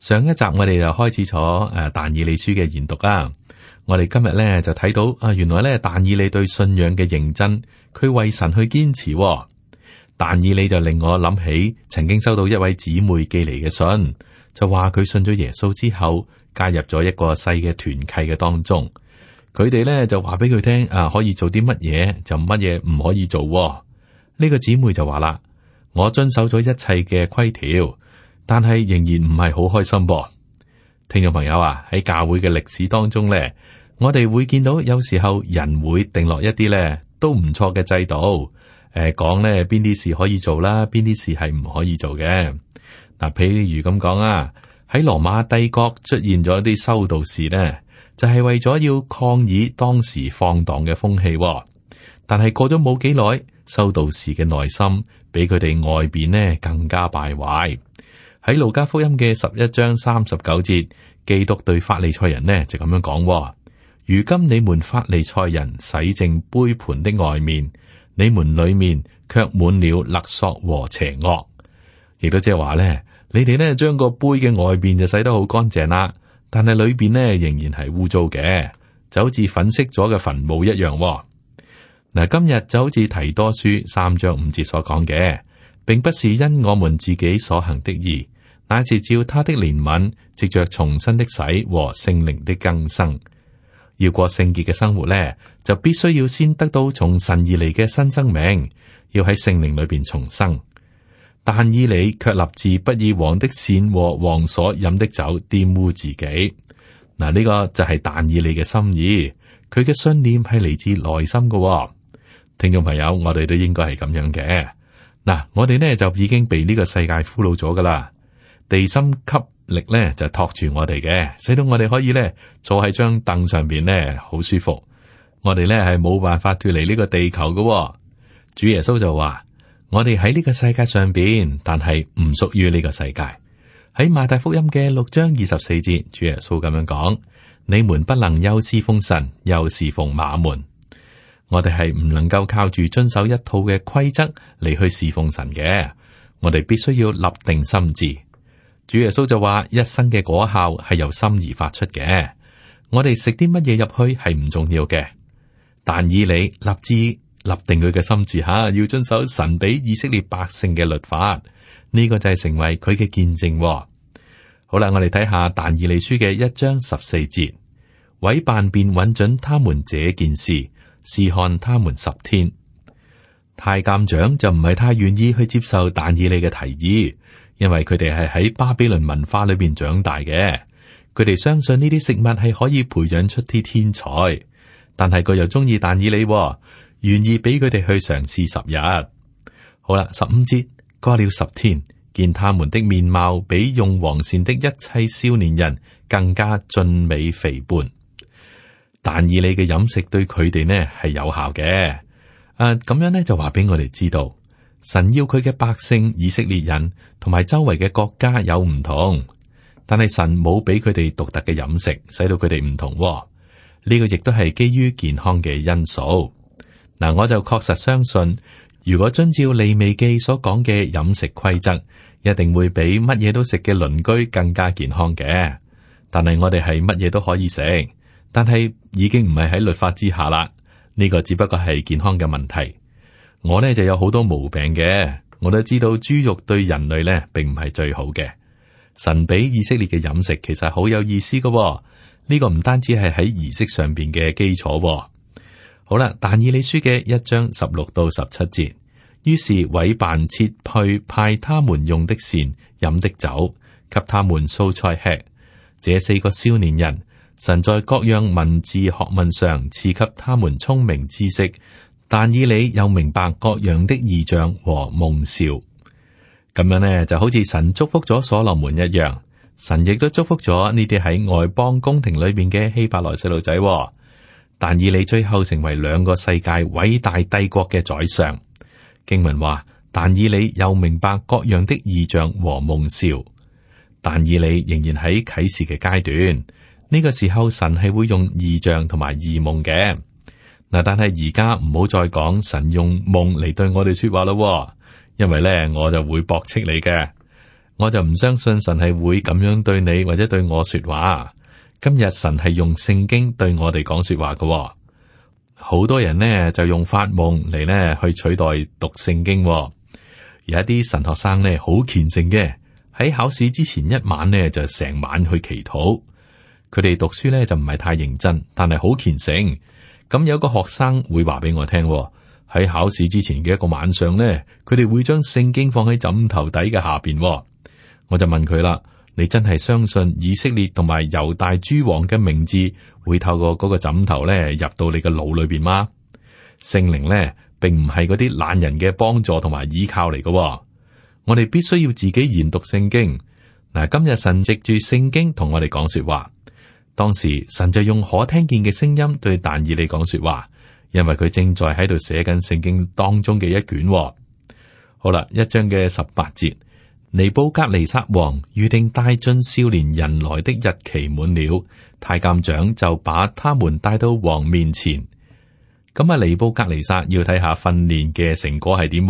上一集我哋就開始咗誒但以理書嘅研讀啦，我哋今日咧就睇到啊，原來咧但以理對信仰嘅認真，佢為神去堅持，哦。但以理就令我諗起曾經收到一位姊妹寄嚟嘅信，就話佢信咗耶穌之後加入咗一個細嘅團契嘅當中，佢哋咧就話俾佢聽啊，可以做啲乜嘢就乜嘢唔可以做，哦。呢個姊妹就話啦，我遵守咗一切嘅規條。但係仍然唔係好開心噃，聽眾朋友啊，喺教會嘅歷史當中咧，我哋會見到有時候人會定落一啲咧都唔錯嘅制度。誒、呃，講咧邊啲事可以做啦，邊啲事係唔可以做嘅嗱。譬、呃、如咁講啊，喺羅馬帝國出現咗一啲修道士咧，就係、是、為咗要抗議當時放蕩嘅風氣。但係過咗冇幾耐，修道士嘅內心比佢哋外邊呢更加敗壞。喺路加福音嘅十一章三十九節，基督對法利賽人呢就咁樣講、哦：，如今你們法利賽人洗淨杯盤的外面，你們裏面卻滿了勒索和邪惡。亦都即係話呢，你哋呢將個杯嘅外面就洗得好乾淨啦，但係裏邊呢仍然係污糟嘅，就好似粉飾咗嘅墳墓一樣、哦。嗱，今日就好似提多書三章五節所講嘅，並不是因我們自己所行的義。乃是照他的憐憫，藉着重生的洗和聖靈的更生，要過聖潔嘅生活咧，就必須要先得到從神而嚟嘅新生命，要喺聖靈裏邊重生。但以理卻立志不以王的膳和王所飲的酒玷污自己。嗱，呢個就係但以理嘅心意，佢嘅信念係嚟自內心嘅。聽眾朋友，我哋都應該係咁樣嘅嗱。我哋咧就已經被呢個世界俘虜咗噶啦。地心吸力咧就托住我哋嘅，使到我哋可以咧坐喺張凳上邊咧，好舒服。我哋咧係冇辦法脫離呢個地球嘅、哦。主耶穌就話：我哋喺呢個世界上邊，但係唔屬於呢個世界。喺馬太福音嘅六章二十四節，主耶穌咁樣講：你們不能又侍奉神，又侍奉馬門。我哋係唔能夠靠住遵守一套嘅規則嚟去侍奉神嘅。我哋必須要立定心志。主耶穌就話：一生嘅果效係由心而發出嘅。我哋食啲乜嘢入去係唔重要嘅。但以理立志立定佢嘅心智下，吓要遵守神俾以色列百姓嘅律法。呢、這個就係成為佢嘅見證、哦。好啦，我哋睇下但以理書嘅一章十四節，委辦便允准他們這件事，試看他們十天。太監長就唔係太願意去接受但以理嘅提議。因為佢哋係喺巴比倫文化裏邊長大嘅，佢哋相信呢啲食物係可以培養出啲天才。但係佢又中意但以理、哦，願意俾佢哋去嘗試十日。好啦，十五節過了十天，見他們的面貌比用王膳的一切少年人更加俊美肥胖。但以理嘅飲食對佢哋呢係有效嘅。誒、啊，咁樣呢就話俾我哋知道。神要佢嘅百姓以色列人同埋周圍嘅國家有唔同，但係神冇俾佢哋獨特嘅飲食，使到佢哋唔同、哦。呢、呢個亦都係基於健康嘅因素。嗱，我就確實相信，如果遵照利未記所講嘅飲食規則，一定會比乜嘢都食嘅鄰居更加健康嘅。但係我哋係乜嘢都可以食，但係已經唔係喺律法之下啦。呢、呢個只不過係健康嘅問題。我呢就有好多毛病嘅，我都知道豬肉對人類呢並唔係最好嘅。神俾以色列嘅飲食其實好有意思嘅，哦，呢、這個唔單止係喺儀式上邊嘅基礎，哦。好啦，但以理書嘅一章十六到十七節，於是委辦撤去派他們用的膳、飲的酒給他們素菜吃。這四個少年人，神在各樣文字學問上賜給他們聰明知識。但以理又明白各樣的異象和夢兆，咁樣呢就好似神祝福咗所羅門一樣，神亦都祝福咗呢啲喺外邦宮廷裏面嘅希伯來細路仔。但以理最後成為兩個世界偉大帝國嘅宰相，經文話：但以理又明白各樣的異象和夢兆，但以理仍然喺啟示嘅階段，呢個時候神係會用異象同埋異夢嘅。嗱，但係而家唔好再講神用夢嚟對我哋說話咯喎，因為咧我就會駁斥你嘅，我就唔相信神係會咁樣對你或者對我說話。今日神係用聖經對我哋講說話嘅喎，好多人呢就用發夢嚟咧去取代讀聖經喎。有一啲神學生呢好虔誠嘅，喺考試之前一晚呢就成晚去祈禱，佢哋讀書呢就唔係太認真，但係好虔誠。咁有個學生會話俾我聽喺考試之前嘅一個晚上呢，佢哋會將聖經放喺枕頭底嘅下邊。我就問佢啦：，你真係相信以色列同埋猶大諸王嘅名字會透過嗰個枕頭呢入到你嘅腦裏邊嗎？聖靈呢，並唔係嗰啲懶人嘅幫助同埋依靠嚟嘅。我哋必須要自己研讀聖經。嗱，今日神藉住聖經同我哋講說話。當時神就用可聽見嘅聲音對但以理講說話，因為佢正在喺度寫緊聖經當中嘅一卷，哦。好啦，一章嘅十八節，尼布格尼撒王預定帶進少年人來的日期滿了，太監長就把他們帶到王面前。咁啊，尼布格尼撒要睇下訓練嘅成果係點，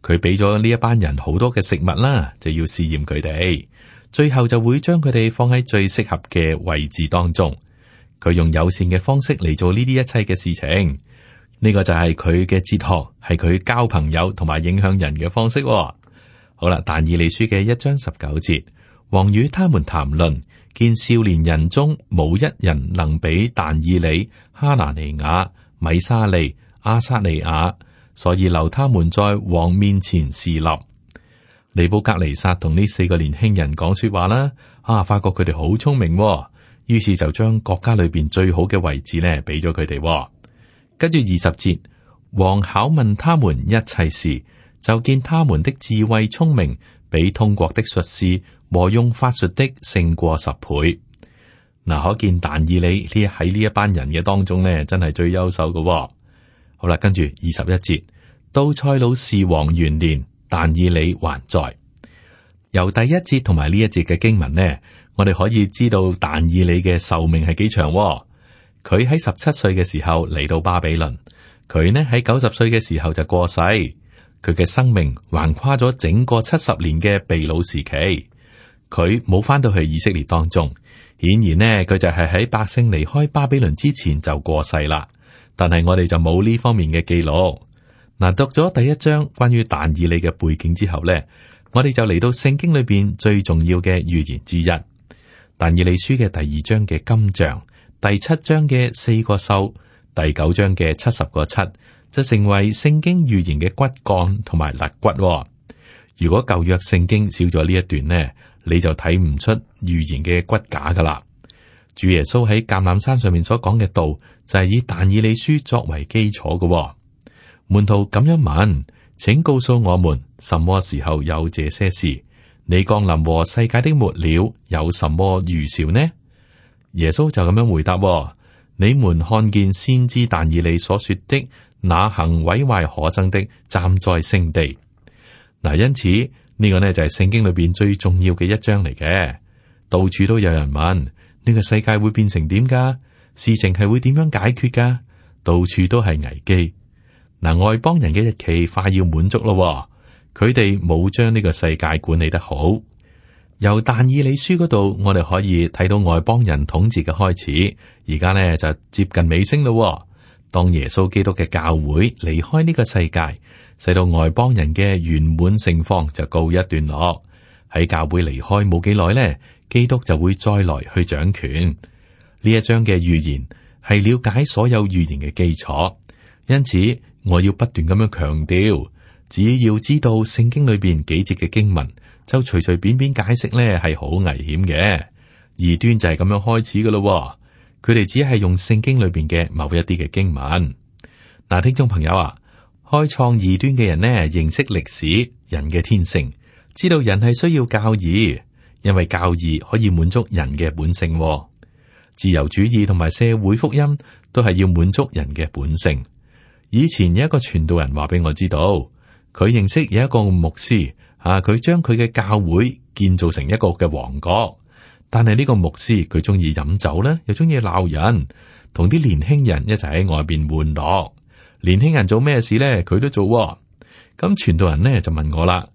佢俾咗呢一班人好多嘅食物啦，就要試驗佢哋。最後就會將佢哋放喺最適合嘅位置當中。佢用友善嘅方式嚟做呢啲一切嘅事情，呢、這個就係佢嘅哲學，係佢交朋友同埋影響人嘅方式、哦。好啦，但以理書嘅一章十九節，王與他們談論，見少年人中冇一人能比但以理、哈拿尼雅、米沙利、亞撒利雅，所以留他們在王面前侍立。尼布格尼沙同呢四個年輕人講說話啦，啊，發覺佢哋好聰明、哦，於是就將國家裏邊最好嘅位置咧俾咗佢哋。跟住二十節，王考問他們一切事，就見他們的智慧聰明，比通國的術士和用法術的勝過十倍。嗱，可見但以理呢喺呢一班人嘅當中呢，真係最優秀嘅、哦。好啦，跟住二十一節，到賽魯士王元年。但以理還在由第一節同埋呢一節嘅經文呢，我哋可以知道但以理嘅壽命係幾長、哦。佢喺十七歲嘅時候嚟到巴比倫，佢呢喺九十歲嘅時候就過世。佢嘅生命橫跨咗整個七十年嘅被擄時期，佢冇翻到去以色列當中。顯然呢，佢就係喺百姓離開巴比倫之前就過世啦。但係我哋就冇呢方面嘅記錄。嗱，讀咗第一章關於但以理嘅背景之後咧，我哋就嚟到聖經裏邊最重要嘅預言之一。但以理書嘅第二章嘅金像、第七章嘅四個獸、第九章嘅七十個七，就成為聖經預言嘅骨幹同埋肋骨。如果舊約聖經少咗呢一段咧，你就睇唔出預言嘅骨架噶啦。主耶穌喺橄欖山上面所講嘅道，就係以但以理書作為基礎嘅。門徒咁樣問，請告訴我們，什麼時候有這些事？你降臨和世界的末了有什麼預兆呢？耶穌就咁樣回答：，你們看見先知但以理所說的，那行毀壞可憎的站在聖地嗱，因此呢個呢就係聖經裏邊最重要嘅一章嚟嘅。到處都有人問呢個世界會變成點？噶事情係會點樣解決？噶到處都係危機。嗱，外邦人嘅日期快要滿足咯。佢哋冇將呢個世界管理得好。由但以理書嗰度，我哋可以睇到外邦人統治嘅開始。而家呢，就接近尾聲咯。當耶穌基督嘅教會離開呢個世界，使到外邦人嘅圓滿盛況就告一段落。喺教會離開冇幾耐呢，基督就會再來去掌權。呢一章嘅預言係了解所有預言嘅基礎，因此。我要不斷咁樣強調，只要知道聖經裏邊幾節嘅經文，就隨隨便便解釋呢係好危險嘅。異端就係咁樣開始噶咯。佢哋只係用聖經裏邊嘅某一啲嘅經文。嗱，聽眾朋友啊，開創異端嘅人呢，認識歷史、人嘅天性，知道人係需要教義，因為教義可以滿足人嘅本性。自由主義同埋社會福音都係要滿足人嘅本性。以前有一個傳道人話俾我知道，佢認識有一個牧師，啊，佢將佢嘅教會建造成一個嘅王國。但係呢個牧師佢中意飲酒咧，又中意鬧人，同啲年輕人一齊喺外邊玩樂。年輕人做咩事咧，佢都做，哦。咁傳道人咧就問我啦，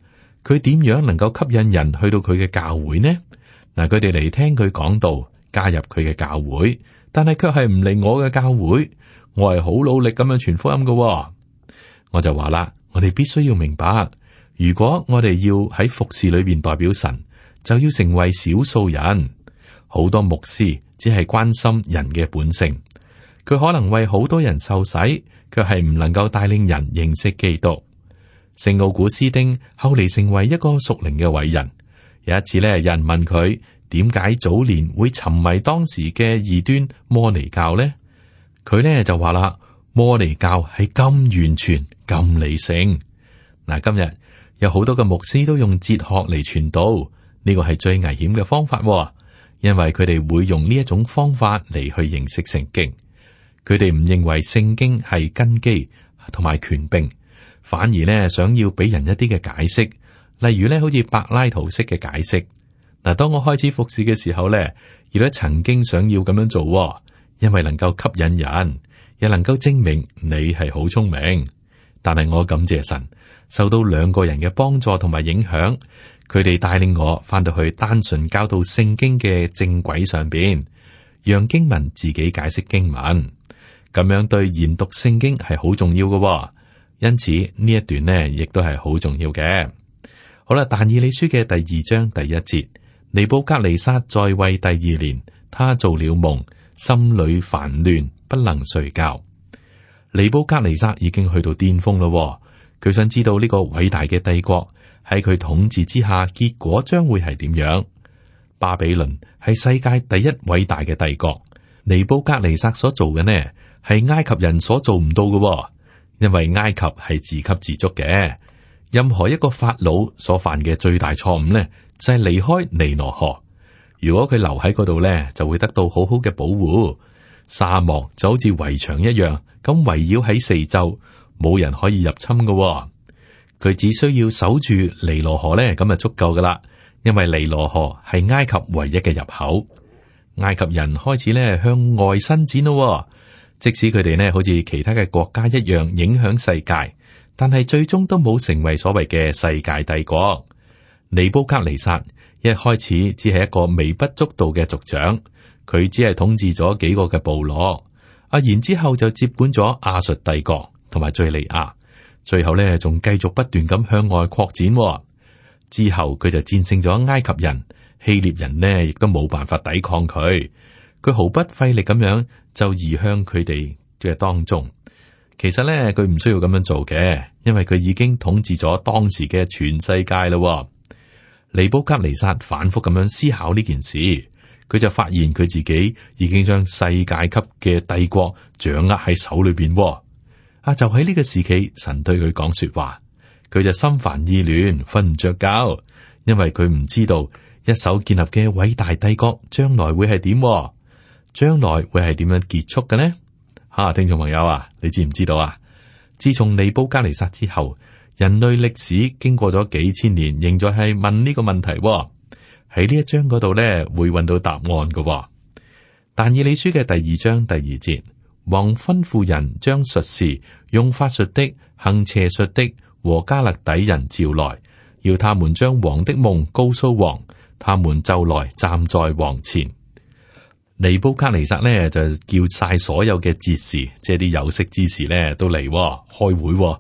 佢點樣能夠吸引人去到佢嘅教會呢？嗱，佢哋嚟聽佢講道，加入佢嘅教會，但係卻係唔嚟我嘅教會。我係好努力咁樣傳福音噶喎。我就話啦，我哋必須要明白，如果我哋要喺服侍裏邊代表神，就要成為少數人。好多牧師只係關心人嘅本性，佢可能為好多人受洗，卻係唔能夠帶領人認識基督。聖奧古斯丁後嚟成為一個屬靈嘅偉人。有一次呢，有人問佢「點解早年會沉迷當時嘅異端摩尼教呢？」佢咧就話啦，摩尼教係咁完全、咁理性。嗱，今日有好多嘅牧師都用哲學嚟傳道，呢個係最危險嘅方法喎，因為佢哋會用呢一種方法嚟去認識聖經。佢哋唔認為聖經係根基同埋權柄，反而咧想要俾人一啲嘅解釋，例如咧好似柏拉圖式嘅解釋。嗱，當我開始服侍嘅時候咧，亦都曾經想要咁樣做喎。因為能夠吸引人，又能夠證明你係好聰明。但係我感謝神，受到兩個人嘅幫助同埋影響，佢哋帶領我返到去單純教導聖經嘅正軌上面，讓經文自己解釋經文，咁樣對研讀聖經係好重要㗎喎。因此呢一段呢，亦都係好重要嘅。好啦，但以理書嘅第二章第一節，尼布格尼沙在位第二年，他做了夢。心裏煩亂，不能睡覺。尼布格尼撒已經去到巔峰咯，佢想知道呢個偉大嘅帝國喺佢統治之下，結果將會係點樣？巴比倫係世界第一偉大嘅帝國，尼布格尼撒所做嘅呢，係埃及人所做唔到嘅，因為埃及係自給自足嘅。任何一個法老所犯嘅最大錯誤呢，就係、是、離開尼羅河。如果佢留喺嗰度咧，就會得到好好嘅保護。沙漠就好似圍牆一樣，咁圍繞喺四周，冇人可以入侵嘅，哦，佢只需要守住尼羅河咧，咁就足夠噶啦。因為尼羅河係埃及唯一嘅入口。埃及人開始咧向外伸展咯，哦，即使佢哋咧好似其他嘅國家一樣影響世界，但係最終都冇成為所謂嘅世界帝國。尼布甲尼撒，一開始只係一個微不足道嘅族長，佢只係統治咗幾個嘅部落。啊，然之後就接管咗亞述帝國同埋敘利亞，最後咧仲繼續不斷咁向外擴展。之後佢就戰勝咗埃及人、希臘人呢亦都冇辦法抵抗佢。佢毫不費力咁樣就移向佢哋嘅當中。其實咧，佢唔需要咁樣做嘅，因為佢已經統治咗當時嘅全世界啦。尼布甲尼撒反覆咁樣思考呢件事，佢就發現佢自己已經將世界級嘅帝國掌握喺手裏邊。啊，就喺呢個時期，神對佢講說話，佢就心煩意亂，瞓唔着覺，因為佢唔知道一手建立嘅偉大帝國將來會係點，將來會係點樣結束嘅呢？啊，聽眾朋友啊，你知唔知道啊？自從尼布甲尼撒之後。人類歷史經過咗幾千年，仍在係問呢個問題。喺呢一章嗰度呢，會揾到答案嘅。但以理書嘅第二章第二節，王吩咐人將術士、用法術的、行邪術的和加勒底人召來，要他們將王的夢告訴王。他們就來站在王前。尼布卡尼撒呢，就叫晒所有嘅哲士，即係啲有識之士呢，都嚟開會。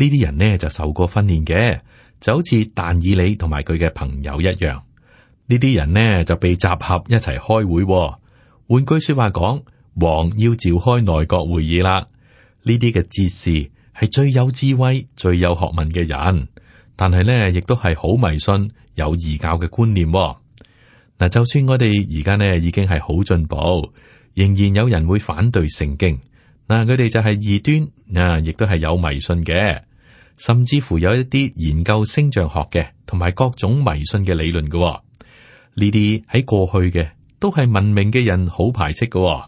呢啲人呢就受過訓練嘅，就好似但以理同埋佢嘅朋友一樣。呢啲人呢就被集合一齊開會、哦，換句說話講，王要召開內閣會議啦。呢啲嘅哲士係最有智慧、最有學問嘅人，但係呢亦都係好迷信，有異教嘅觀念、哦。嗱，就算我哋而家呢已經係好進步，仍然有人會反對聖經。嗱，佢哋就係異端，嗱、啊，亦都係有迷信嘅。甚至乎有一啲研究星象學嘅，同埋各種迷信嘅理論嘅、哦，呢啲喺過去嘅都係文明嘅人好排斥嘅。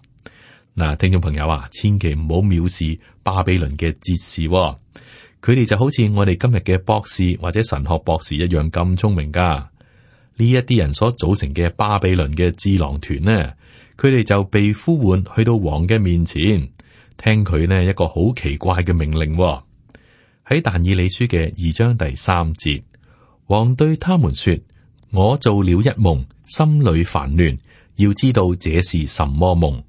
嗱，聽眾朋友啊，千祈唔好藐視巴比倫嘅哲士、哦，佢哋就好似我哋今日嘅博士或者神學博士一樣咁聰明噶。呢一啲人所組成嘅巴比倫嘅智囊團呢，佢哋就被呼喚去到王嘅面前，聽佢呢一個好奇怪嘅命令、哦。喺但以理書嘅二章第三節，王對他們說：我做了一夢，心裏煩亂，要知道這是什麼夢。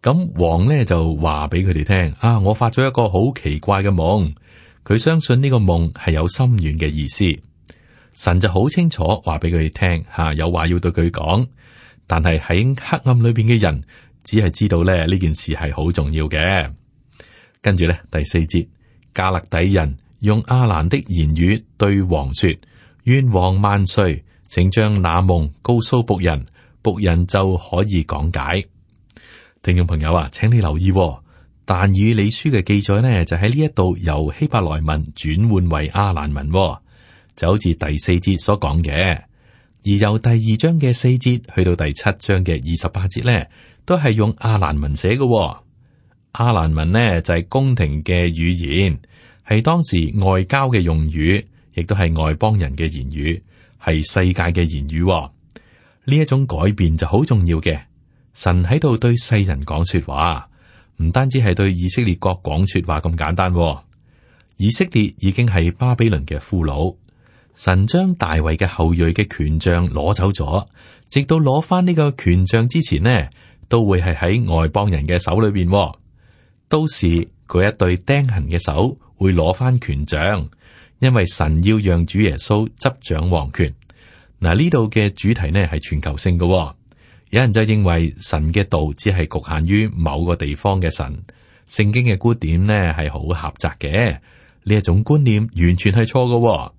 咁王呢就話俾佢哋聽：啊，我發咗一個好奇怪嘅夢。佢相信呢個夢係有深遠嘅意思。神就好清楚話俾佢哋聽：吓，有話要對佢講。但係喺黑暗裏邊嘅人，只係知道咧呢件事係好重要嘅。跟住咧第四節。加勒底人用阿蘭的言語對王說：願王萬歲，請將那夢告訴僕人，僕人就可以講解。聽眾朋友啊，請你留意、哦，但以理書嘅記載呢，就喺呢一度由希伯來文轉換為阿蘭文、哦，就好似第四節所講嘅，而由第二章嘅四節去到第七章嘅二十八節呢，都係用阿蘭文寫嘅、哦。亞蘭文呢，就係宮廷嘅語言，係當時外交嘅用語，亦都係外邦人嘅言語，係世界嘅言語。呢一種改變就好重要嘅。神喺度對世人講說話，唔單止係對以色列國講說話咁簡單。以色列已經係巴比倫嘅俘虜，神將大衛嘅後裔嘅權杖攞走咗，直到攞翻呢個權杖之前呢，都會係喺外邦人嘅手裏邊。都是嗰一對釘痕嘅手會攞翻權杖，因為神要讓主耶穌執掌王權。嗱，呢度嘅主題呢係全球性嘅。哦，有人就認為神嘅道只係局限於某個地方嘅神。聖經嘅觀點呢係好狹窄嘅，呢一種觀念完全係錯嘅。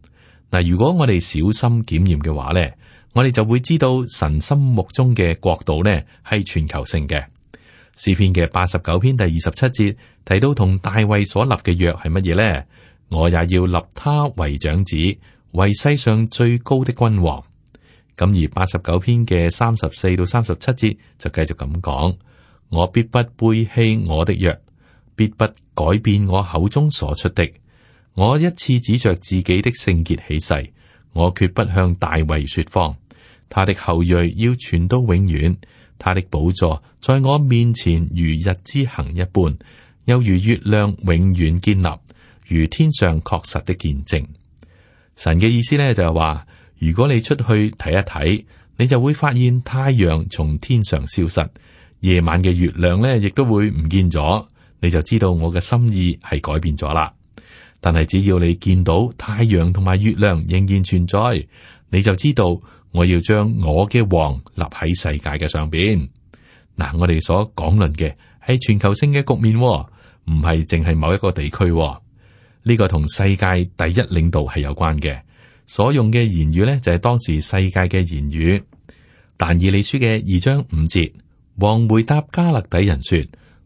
嗱，如果我哋小心檢驗嘅話呢，我哋就會知道神心目中嘅國度呢係全球性嘅。詩篇嘅八十九篇第二十七節提到同大衛所立嘅約係乜嘢呢？我也要立他為長子，為世上最高的君王。咁而八十九篇嘅三十四到三十七節就繼續咁講：我必不背棄我的約，必不改變我口中所出的。我一次指着自己的聖潔起誓，我決不向大衛說謊。他的後裔要傳到永遠。他的寶座在我面前如日之行一般，又如月亮永遠建立，如天上確實的見證。神嘅意思呢，就係話，如果你出去睇一睇，你就會發現太陽從天上消失，夜晚嘅月亮呢亦都會唔見咗，你就知道我嘅心意係改變咗啦。但係只要你見到太陽同埋月亮仍然存在，你就知道。我要將我嘅王立喺世界嘅上邊。嗱，我哋所講論嘅係全球性嘅局面、哦，唔係淨係某一個地區、哦。呢、這個同世界第一領導係有關嘅。所用嘅言語呢，就係、是、當時世界嘅言語。但以理書嘅二章五節，王回答加勒底人說：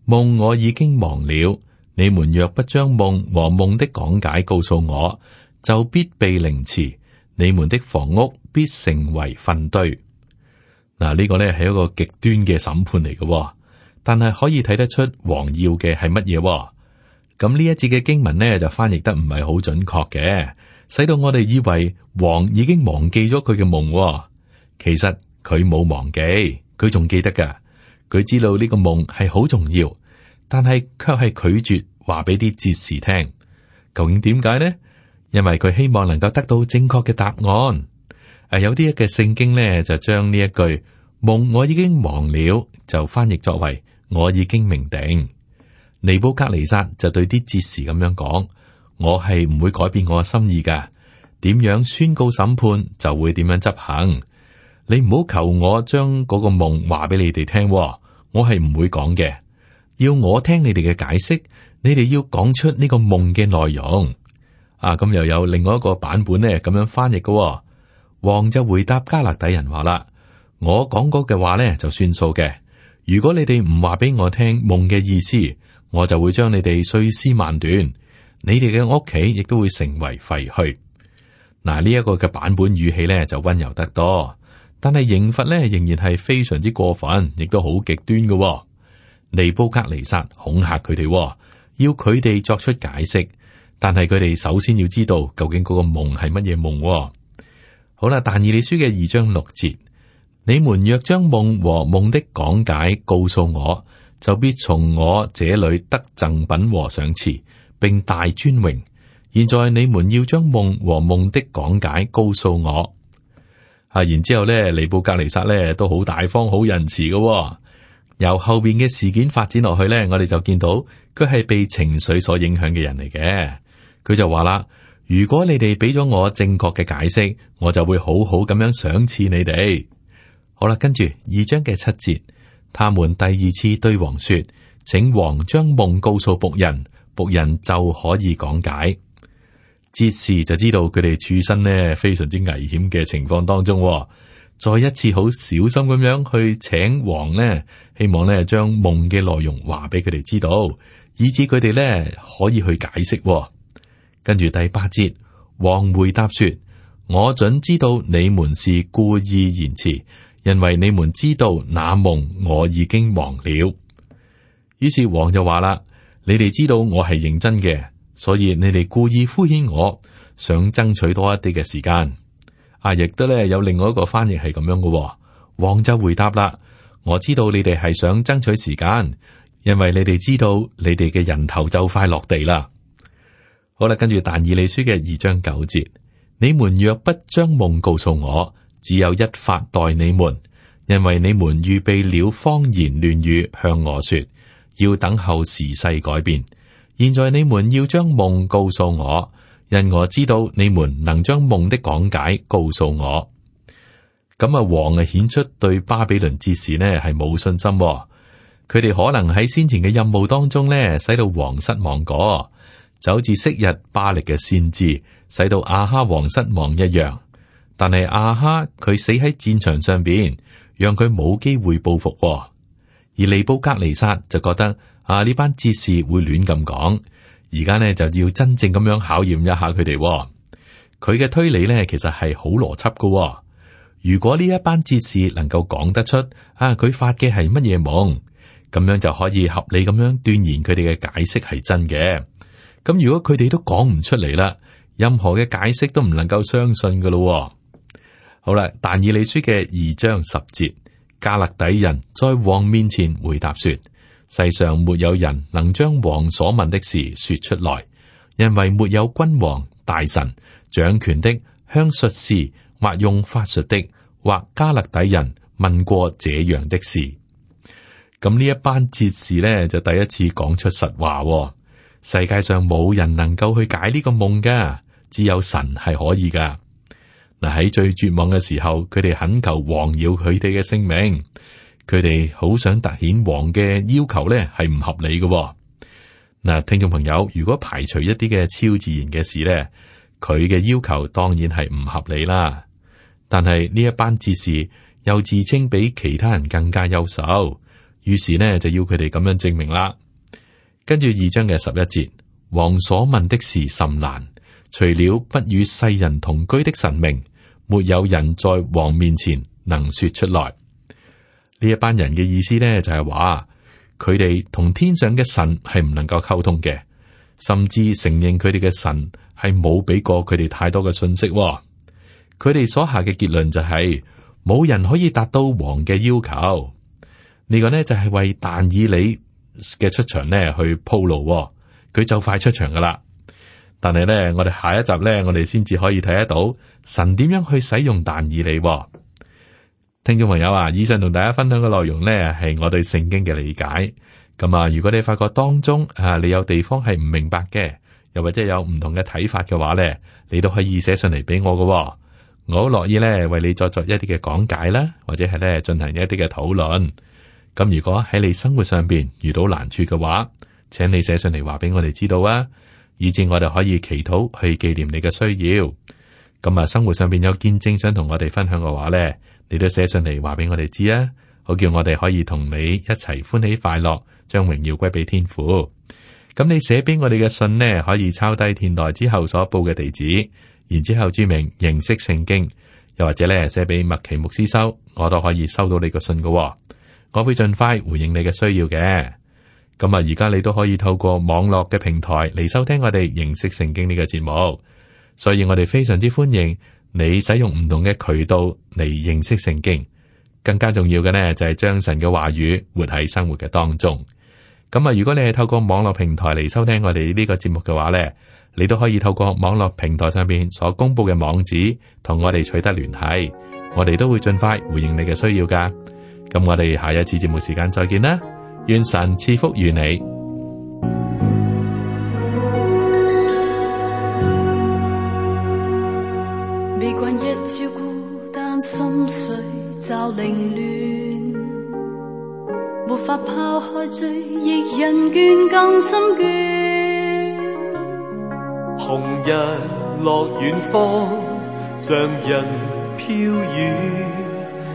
夢我已經忘了，你們若不將夢和夢的講解告訴我，就必被凌遲,遲。你們的房屋必成為糞堆，嗱，呢個咧係一個極端嘅審判嚟嘅，但係可以睇得出王要嘅係乜嘢？咁呢一節嘅經文咧就翻譯得唔係好準確嘅，使到我哋以為王已經忘記咗佢嘅夢，其實佢冇忘記，佢仲記得噶，佢知道呢個夢係好重要，但係卻係拒絕話俾啲哲士聽，究竟點解呢？因為佢希望能夠得到正確嘅答案，誒、啊，有啲嘅聖經咧就將呢一句夢我已經忘了，就翻譯作為我已經明定。尼布格尼撒就對啲哲士咁樣講：我係唔會改變我嘅心意噶，點樣宣告審判就會點樣執行。你唔好求我將嗰個夢話俾你哋聽，我係唔會講嘅。要我聽你哋嘅解釋，你哋要講出呢個夢嘅內容。啊，咁又有另外一個版本咧，咁樣翻譯嘅喎。王就回答加勒底人話啦，我講過嘅話咧，就算數嘅。如果你哋唔話俾我聽夢嘅意思，我就會將你哋碎屍萬段，你哋嘅屋企亦都會成為廢墟。嗱，呢一個嘅版本語氣咧就溫柔得多，但係刑罰咧仍然係非常之過分，亦都好極端嘅喎。尼布甲尼撒恐嚇佢哋，要佢哋作出解釋。但係佢哋首先要知道究竟嗰個夢係乜嘢夢，哦。好啦，但以理書嘅二章六節，你們若將夢和夢的講解告訴我，就必從我這裏得贈品和賞賜，並大尊榮。現在你們要將夢和夢的講解告訴我。啊，然之後咧，尼布格尼撒呢都好大方、好仁慈嘅，哦。由後邊嘅事件發展落去呢，我哋就見到佢係被情緒所影響嘅人嚟嘅。佢就話啦，如果你哋俾咗我正確嘅解釋，我就會好好咁樣賞賜你哋。好啦，跟住二章嘅七節，他們第二次對王說，請王將夢告訴僕人，僕人就可以講解。哲士就知道佢哋處身呢非常之危險嘅情況當中，再一次好小心咁樣去請王呢，希望呢將夢嘅內容話俾佢哋知道，以至佢哋呢可以去解釋。跟住第八節，王回答說：我准知道你們是故意延遲，因為你們知道那夢我已經忘了。於是王就話啦：你哋知道我係認真嘅，所以你哋故意敷衍我，想爭取多一啲嘅時間。啊，亦都呢有另外一個翻譯係咁樣嘅。王就回答啦：我知道你哋係想爭取時間，因為你哋知道你哋嘅人頭就快落地啦。好啦，跟住但以理書嘅二章九節，你們若不將夢告訴我，只有一法待你們，因為你們預備了謊言亂語向我說，要等候時勢改變。現在你們要將夢告訴我，因我知道你們能將夢的講解告訴我。咁啊，王啊顯出對巴比倫之事呢係冇信心，佢哋可能喺先前嘅任務當中呢使到王失望過。就好似昔日巴力嘅先知，使到阿哈王失望一樣。但係阿哈佢死喺戰場上邊，讓佢冇機會報復，哦。而尼布甲尼撒就覺得啊，呢班哲士會亂咁講。而家呢就要真正咁樣考驗一下佢哋，哦。佢嘅推理呢其實係好邏輯嘅，哦，如果呢一班哲士能夠講得出啊，佢發嘅係乜嘢夢，咁樣就可以合理咁樣斷言佢哋嘅解釋係真嘅。咁如果佢哋都講唔出嚟啦，任何嘅解釋都唔能夠相信噶咯。好啦，但以理書嘅二章十節，加勒底人在王面前回答說：世上沒有人能將王所問的事說出來，因為沒有君王、大臣、掌權的、向術士、或用法術的，或加勒底人問過這樣的事。咁呢一班哲士呢，就第一次講出實話。世界上冇人能夠去解呢個夢嘅，只有神係可以噶。嗱，喺最絕望嘅時候，佢哋懇求王要佢哋嘅性命，佢哋好想凸顯王嘅要求咧係唔合理嘅。嗱，聽眾朋友，如果排除一啲嘅超自然嘅事咧，佢嘅要求當然係唔合理啦。但係呢一班哲士又自稱比其他人更加優秀，於是呢，就要佢哋咁樣證明啦。跟住二章嘅十一節，王所問的事甚難，除了不與世人同居的神明，沒有人在王面前能說出來。呢一班人嘅意思呢，就係、是、話，佢哋同天上嘅神係唔能夠溝通嘅，甚至承認佢哋嘅神係冇俾過佢哋太多嘅信息、哦。佢哋所下嘅結論就係、是、冇人可以達到王嘅要求。呢、這個呢，就係、是、為但以理，嘅出場咧去鋪路、哦，佢就快出場噶啦。但係咧，我哋下一集咧，我哋先至可以睇得到神點樣去使用但以理、哦。聽眾朋友啊，以上同大家分享嘅內容咧，係我對聖經嘅理解。咁、嗯、啊，如果你發覺當中啊，你有地方係唔明白嘅，又或者有唔同嘅睇法嘅話咧，你都可以寫上嚟俾我噶、哦，我好樂意咧為你作作一啲嘅講解啦，或者係咧進行一啲嘅討論。咁如果喺你生活上邊遇到難處嘅話，請你寫信嚟話俾我哋知道啊，以致我哋可以祈禱去紀念你嘅需要。咁啊，生活上邊有見證想同我哋分享嘅話咧，你都寫信嚟話俾我哋知啊，好叫我哋可以同你一齊歡喜快樂，將榮耀歸俾天父。咁你寫俾我哋嘅信呢，可以抄低電台之後所報嘅地址，然之後注明認識聖經，又或者咧寫俾麥奇牧師收，我都可以收到你嘅信噶。我會盡快回應你嘅需要嘅。咁啊，而家你都可以透過網絡嘅平台嚟收聽我哋認識聖經呢個節目。所以我哋非常之歡迎你使用唔同嘅渠道嚟認識聖經。更加重要嘅呢，就係將神嘅話語活喺生活嘅當中。咁啊，如果你係透過網絡平台嚟收聽我哋呢個節目嘅話呢，你都可以透過網絡平台上面所公布嘅網址同我哋取得聯繫。我哋都會盡快回應你嘅需要噶。咁我哋下一次節目時間再見啦，願神賜福於你。未慣一朝，孤單，心緒驟凌亂，沒法拋開醉，亦人倦更心倦。紅日落遠方，像人飄遠。